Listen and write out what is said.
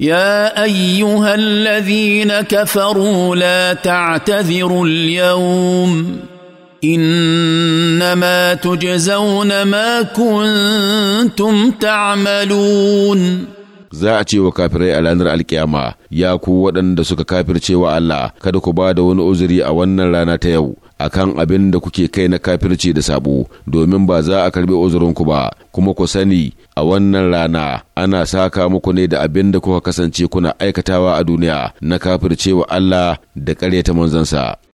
يا ايها الذين كفروا لا تعتذروا اليوم انما تجزون ما كنتم تعملون za a ce wa kafirai a ranar alkiyama ya ku waɗanda suka kafirce wa Allah kada ku ba da wani uzuri a wannan rana ta yau akan abin da kuke kai na kafirce da sabo domin ba za a karbi uzurinku ba kuma ku sani a wannan rana ana saka muku ne da abin da kuka kasance kuna aikatawa a duniya na kafircewa Allah da ƙaryata manzansa.